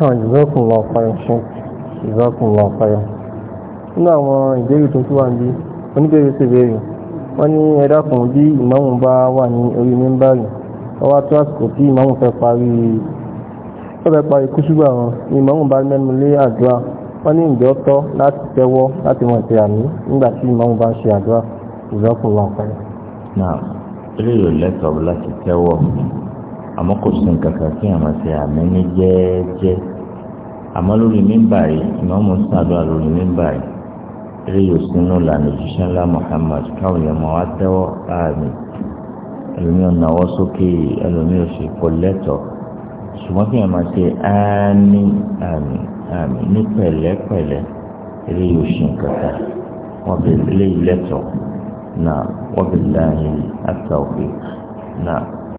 náà ìzọ́kùn lọ fàyọ̀ ṣe ìzọ́kùn lọ fàyọ̀ nínú àwọn ìbéèrè tó tún wà ní oníbèrè sí ìbéèrè wọ́n ní ẹ dákun bí ìmáàmù bá wà ní orí mẹ́mbàrì ọwá tó àsìkò tí ìmáàmù fẹ́ parí ó fẹ́ parí kúṣùgbà wọn ni ìmáàmù bá mẹ́nu lé àdúrà wọ́n ní ìjọ tọ́ láti tẹ́wọ́ láti mọ̀ ìpè àmì nígbà tí ìmáàmù bá ń ṣe àdúrà ìzọ́kùn lọ fàyọ̀. náà eré ìrọ̀lẹ́tọ̀ láti tẹ́wọ́ àmọ́ kò sí nǹkan kan kí àwọn ṣe àmì ní jẹ́ẹ́jẹ́ àmọ́ lórí mímbà yìí ìmọ̀ọ́mù ń sàdúrà lórí mímbà yìí eré yóò sínú lànà òjíṣẹ́ ńlá Muhammad káwọn èèyàn máa wá tẹ́wọ́ àmì ẹlòmíràn náwó sókè ẹlòmíràn ṣe kò lẹ́tọ̀ ṣùgbọ́n kí àwọn máa ṣe àmì àmì àmì ní pẹ̀lẹ́pẹ̀lẹ́ eré yóò ṣe nǹkan wọ́n bẹ̀ lé ilẹ̀tọ̀ náà wọ́n bẹ̀ láàyè àtàwé